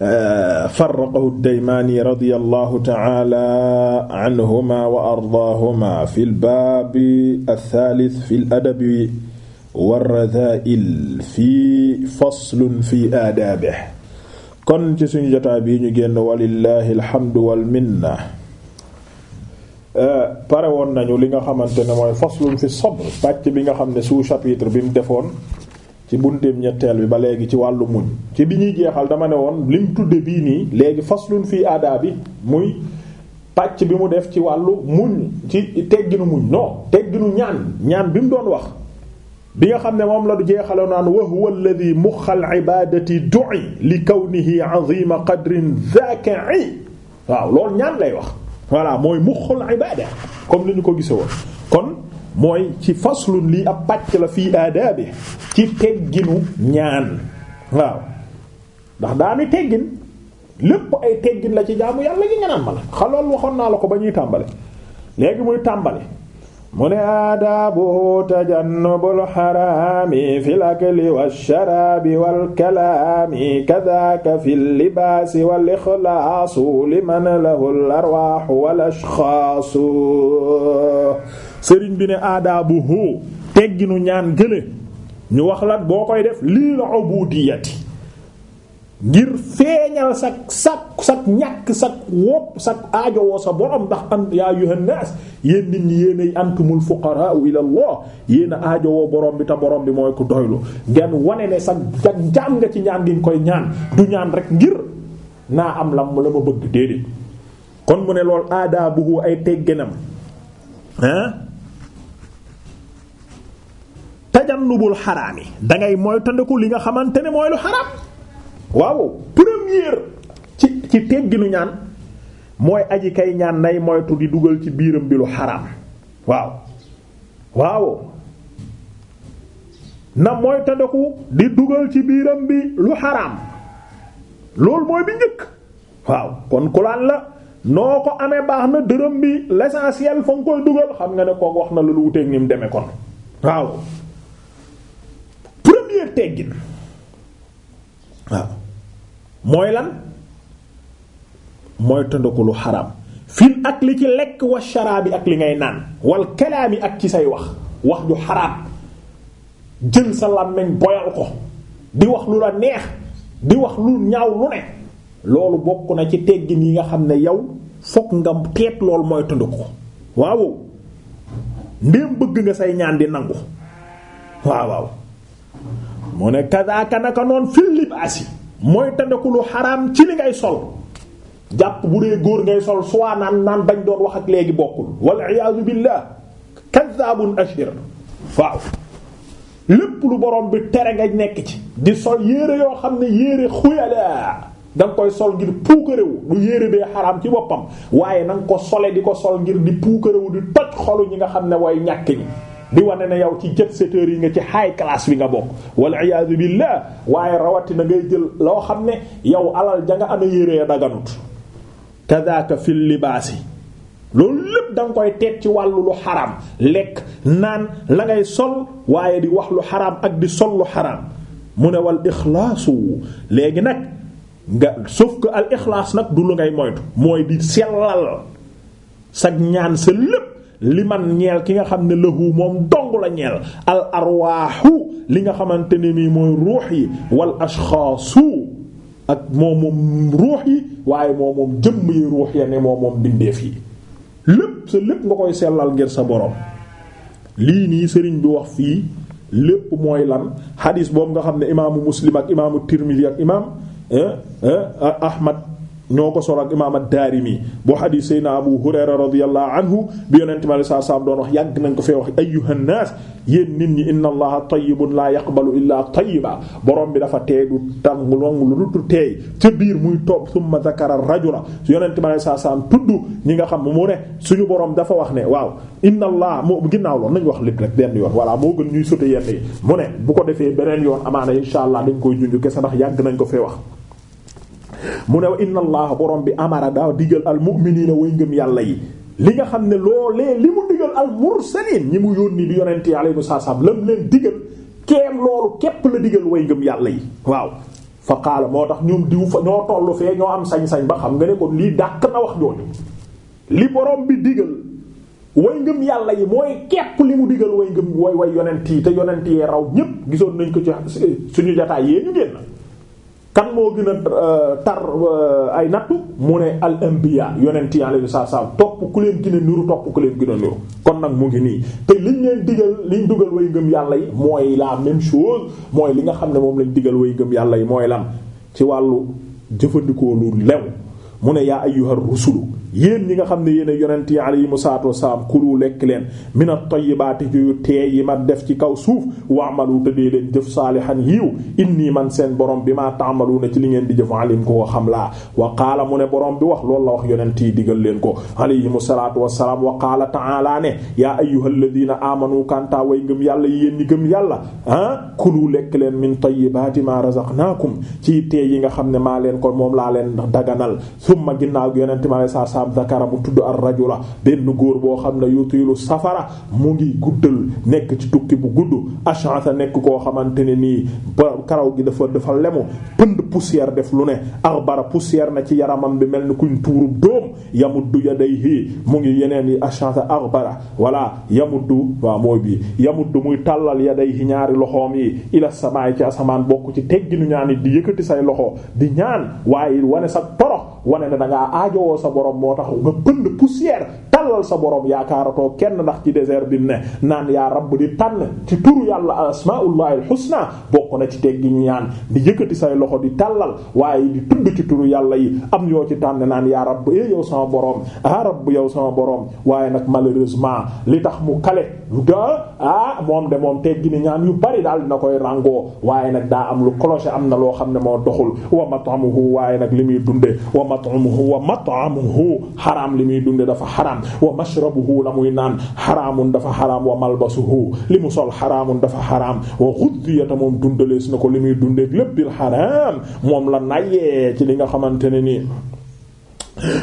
farraqahu ad-Daymaani radiyallahu ta'ala anhuma wa ardaahuma fi al-baabi ath-thaalith fi al-adabi war-radhaa'il fi faslun fi aadaabihi kon ci suñu jotaay bi ñu génn walillahi alhamdu wal minna pare woon nañu li nga xamante ne mooy faslun fi sabr pàcc bi nga xam ne sous-chapitre bi mu defoon ci bunteem ñetteel bi ba léegi ci wàllu muñ ci bi ñuy jeexal dama ne woon lim tudde bii nii léegi faslun fii aadaa bi muy pàcc bi mu def ci wàllu muñ ci tegginu muñ non tegginu ñaan ñaan bi mu doon wax bi nga xam ne moom la du jeexale naan wa huwa alladhi muxal ibadati du'i li kawnihi azima qadrin zakai waaw loolu ñaan lay wax voilà mooy muxul ibada comme li ñu ko gise woon mooy ci faslu lii ab pàcc la fii aadaabi ci tegginu ñaan waaw ndax daani teggin lépp ay teggin la ci jaamu yàlla gi nga ma la xalool waxoon naa la ko ba ñuy tàmbale léegi muy tàmbale mu ne aadaabuhu tajannubul xaraami fil akli washaraabi wal kalaami kadaaka fil libaasi wal ixlaasu liman lahul arwaaxu wal ashxaasu sëriñ bi ne aadaabuhu tegginu ñaan gële ñu wax lan boo koy def lii la ubuudiyati ngir feeñal sa sak sak ñàkk sak wopp aajo aajowoo sa borom ndax am yaa yuhan naas yéen nit ñi yéen ay ant mul ila allah yéen a aajowoo borom bi te borom bi mooy ko doylu ngeen wane ne sa jag jaam nga ci ñaan gi koy ñaan du ñaan rek ngir naa am lam la ma bëgg déedéet kon mu ne lool aadaabuhu ay tegginam hein tajannubul xaraam yi dangay moytandiku li nga xamante ne mooy lu xaraam waaw première ci ci tegginu ñaan mooy aji kay ñaan nay moytu di dugal ci biiram bi lu xaraam waaw waaw na moytandiku di dugal ci biiram bi lu xaraam loolu mooy bi njëkk waaw kon kulaan la noo ko amee baax na dërëm bi l'essentiel fa nga koy dugal xam nga ne kooku wax na lu lu wuteeg ni mu demee kon waaw première teggin waaw mooy lan mooy tëndaku lu xaraam fil ak li ci lekk wa sharaabi ak li ngay naan wal kalaami ak ci say wax wax ju xaraam jël sa làmmiñ boyal ko di wax lu la neex di wax lu ñaaw lu ne loolu bokk na ci teggin yi nga xam ne yow fokk nga teet loolu mooy tëndaku ko waaw ndéem bëgg nga say ñaan di nangu waaw waaw mu ne kazaaka naka noon fil libaasi mooy tandaku lu ci li ngay sol jàpp bu dee góor ngay sol soit naan naan bañ doon wax ak léegi bokkul wal iyaazu billah kaddaabun ashir waaw lépp lu borom bi tere nga nekk ci di sol yére yoo xam ne yére xuyalaa da koy sol ngir puukarewu du yére bee xaraam ci boppam waaye na ko sole di ko sol ngir di puukarewu di toj xolu ñi nga xam ne way ñàkk ñi di wane na yow ci jet setteurs yi nga ci high class bi nga bokk wal iyaadu billah waaye rawatina ngay jël loo xam ne yow alal ja nga amee yére daganut kadaka fil libaasi loolu lépp da koy teet ci wàllu lu xaraam lekk naan la ngay sol waaye di wax lu xaraam ak di sol lu xaraam mu ne wal ixlaasu léegi nag nga sauf que al ixlaas nag du lu ngay moytu mooy di sellal sag ñaan sa lépp li man ñeel ki nga xam ne lahu moom dong la ñeel al arwaaxu li nga xamante ne nii mooy ruux yi wal ashxaasu ak moom moom ruux yi waaye moom moom jëmm yi ruux ya ne moom moom bindeef yi lépp sa lépp nga koy sellal ngir sa borom lii nii sëriñ bi wax fii lépp mooy lan xadiis boobu nga xam ne imaamu muslim ak imaamu tirmidi imaam eh, eh, ahmad ñoo ko sol ak imaam ad-Daarimi boo xadiis Seydina Abu Hurayra radiyallahu anhu bi yonente mi alayhi salaam doon wax yàgg nañ ko fee wax ayyuhan naas yéen nit ñi inna allaha tayyibun laa yaqbalu illaa tayyiba borom bi dafa teey du tàng long lu du teey ca biir muy toog summa zakara rajula yonente mi alayhi salaam tudd ñi nga xam mu ne suñu borom dafa wax ne waaw inna allah moo ginnaaw loolu nañ wax lépp rek benn yoon voilà moo gën ñuy sote yenn yi bu ko defee yoon amaana insha allah dañ koy junj kese yàgg nañ ko fee wax mu ne wa inna allah borom bi amara daa digal al mu'miniina way ngëm yàlla yi li nga xam ne loolee li mu digal al mursaliin ñi mu yónni di yonente yi aleyhum salaam lam leen digal keem loolu képp la digal way ngëm yàlla yi waaw fa moo tax ñoom diw fa ñoo tollu fee ñoo am sañ-sañ ba xam nga ne kon lii dàq na wax jooju li borom bi digal way ngëm yàlla yi mooy képp li mu digal ngëm way way yonent yi te yonent yee raw ñépp gisoon nañ ko ci eh, suñu jotaay yee ñu génn kan moo gën a euh, tar euh, ay nattu mu ne al anbiya yonent yi alayhi salaam topp ku leen gën a niru topp ku leen gën a niru kon nag mu ngi nii te liñ leen digal liñ dugal way ngëm yàlla yi mooy la même chose mooy li nga xam ne moom lañ digal way ngëm yàlla yi mooy lan ci wàllu jëfandikoo lu lew mu ne yaa ayyuhar rusulu yéen ñi nga xam ne yéen a yonent yi alayhimu salaatu wassalaam kulu lekk leen mina tayyibaati yu teey yi ma def ci kaw suuf ma te dee leen jëf saalihan yiiw inni man seen borom bi maa ta'maluuna ci li ngeen di jëf alim ko ko xam laa wa qaala mu ne borom bi wax loolu la wax yonent yi digal leen ko alayhimu salaatu wassalaam wa qaala ta'aalaa ne yaa ayyuhalladiina aamanu kanta way ngëm yàlla yéen ñi gëm yàlla ah kulu lekk leen min tayyibaati maa razaqnaakum ci teey yi nga xam ne maa leen ko moom laa leen daganal summa salaam zakara bu tudd ar rajula benn góor boo xam ne yutilu safara mu ngi guddal nekk ci tukki bu gudd ash'atha nekk koo xamante ne nii ba karaw gi dafa dafa lemu pënd poussière def lu ne bara poussière na ci yaramam bi mel ni kuñ tuurub doom yamuddu yadayhi mu ngi yeneen yi ash'atha aghbara wala du waa mooy bi yamuddu muy tàllal yadayhi ñaari loxoom yi ila samaay ci asamaan bokk ci tegginu ñaan di yëkkati say loxo di ñaan waaye moo tax nga pënd poussière tàllal sa borom yaakaaratoo kenn ndax ci désert bi ne naan yaa rabb di tànn ci turu yàlla asmaullahi alxusna bokk na ci teggi ñaan di yëkkati say loxo di tàllal waaye di ci turu yàlla am yoo ci tànn naan yaa rabb e yow sama borom ah rabb yow sama waaye nag malheureusement li tax mu kale da ah moom de moom teggi ni ñaan yu bari daal dina koy ràngoo waaye nag daa am lu cloche am na loo xam ne moo doxul wa mat'amuhu waaye nag li muy dunde wa mat'amuhu wa mat'amuhu xaraam li muy dunde dafa xaraam wa mashrabuhu la muy naan xaraamun dafa xaraam wa malbasuhu li mu sol xaraamun dafa xaraam wa ghudhiyata moom dundalees na ko li muy dundeek lépp bil xaraam moom la nayee ci li nga xamante ne nii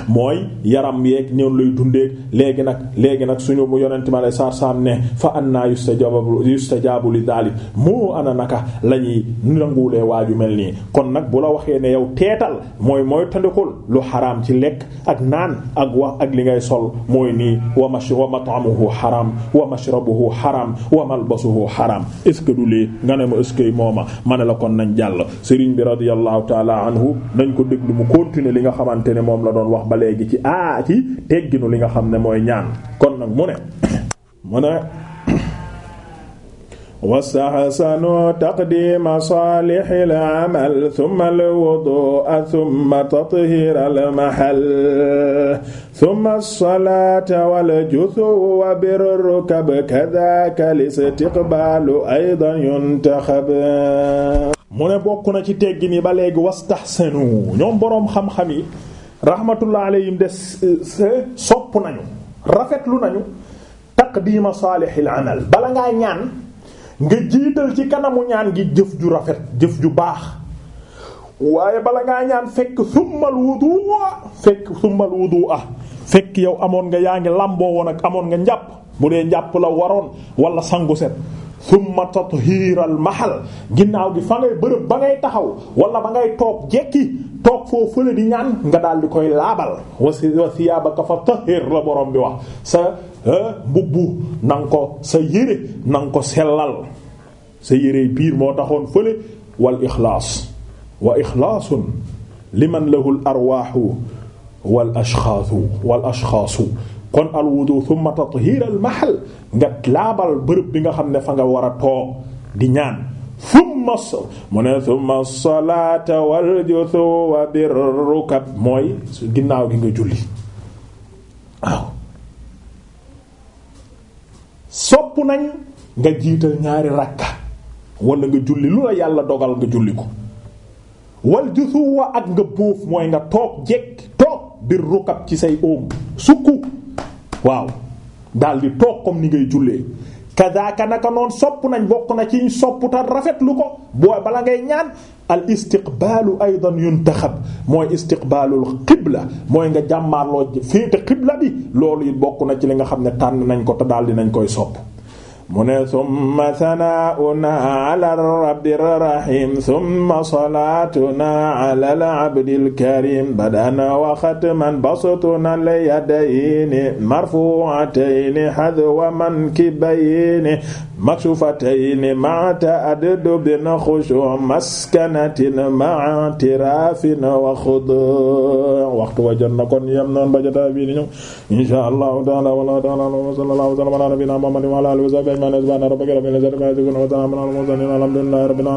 mooy yaram yeeg ñoom lay dundeeg léegi nag léegi nag suñu bu yonente ma lay sar sam ne fa anna yustajabu yustajabu li daalik moo ana naka la ñuy nanguulee waaju mel nii kon nag bu la waxee ne yow teetal mooy mooy tandikul lu xaraam ci lekk ak naan ak wax ak li ngay sol mooy nii wa mash wa mat'amuhu xaraam wa mashrabuhu xaraam wa malbasuhu xaraam est-ce que du lii nga ne ma est-ce mooma ma ne la kon nañ jàll sëriñ bi radiyallahu ta'ala anhu nañ ko déglu mu continuer li nga xamante ne moom la doon doon wax ba léegi ci aa ah, ci tegginu li nga xam ne mooy ñaan kon nag mu ne mu ne wastaxsanu taqdima saalihil amal thumma alwudu'a thumma tathira almahal thumma alsalata waljuthu wa birrukab kadhaka listiqbalu aydan yuntaxab mu ne bokk na ci teggin yi ba léegi wastaxsanu ñoom boroom xam-xam yi rahmatullah yi de euh, sopp nañu rafetlu nañu taqdiima saalihil amal bala ngaa ñaan nga jiital ci kanamu ñaan gi jëf ju rafet jëf ju baax waaye bala ngaa ñaan fekk summal wudu'a fekk summal wudu'a fekk yow amoon nga yaa ngi làmboo woon ak amoon nga njàpp bu dee njàpp la waroon wala sangu set summa tathiiral mahal ginnaaw gi fa ngay bërëb ba ngay taxaw wala ba ngay toog jekki toog foo fële di ñaan nga daal di koy laabal wa siyaabaka fa tahir la borom bi wax sa mbubbu na nga ko sa yére na nga ko sellal sa yére biir moo taxoon fële wal ixlaas wa ixlaasun liman lahu al arwaaxu wal ashxaasu wal ashxaasu kon al wudu laabal bërëb bi nga xam ne fa nga war a toog di ñaan thumma wal juthu wa mooy ginnaaw gi nga julli nañ nga jiital ñaari rakka wala nga yàlla dogal nga julli wa ak nga bóof mooy nga toog jekk toog bir rukab ci say óom sukku waaw daal di toog comme ni ngay jullee kadaka naka noon sopp nañ bokk na ci sopp rafet lu ko boo bala ngay ñaan al istiqbaalu aydan yuntaxab mooy istiqbaalul qibla mooy nga jàmmaarloo féete qibla bi loolu it bokk na ci li nga xam ne tànn nañ ko te daal di nañ koy sopp mu ne summa sanaa'una ala rabbi rahim summa salaatuna ala al-abdil karim badana wa xatman basatuna al-yadayni marfu'atayni hadwa mankibayni maksufatayni ma'a ta'addubin khushu' maskanatin ma'a tirafin wa khudu' waxtu wa jot na kon yam noon ba jotaa bi ni ñëw inshaa Allah ta'ala wa sallallahu wa sallama ala nabiyyina Muhammadin wa ala alihi wa sahbihi أجمعين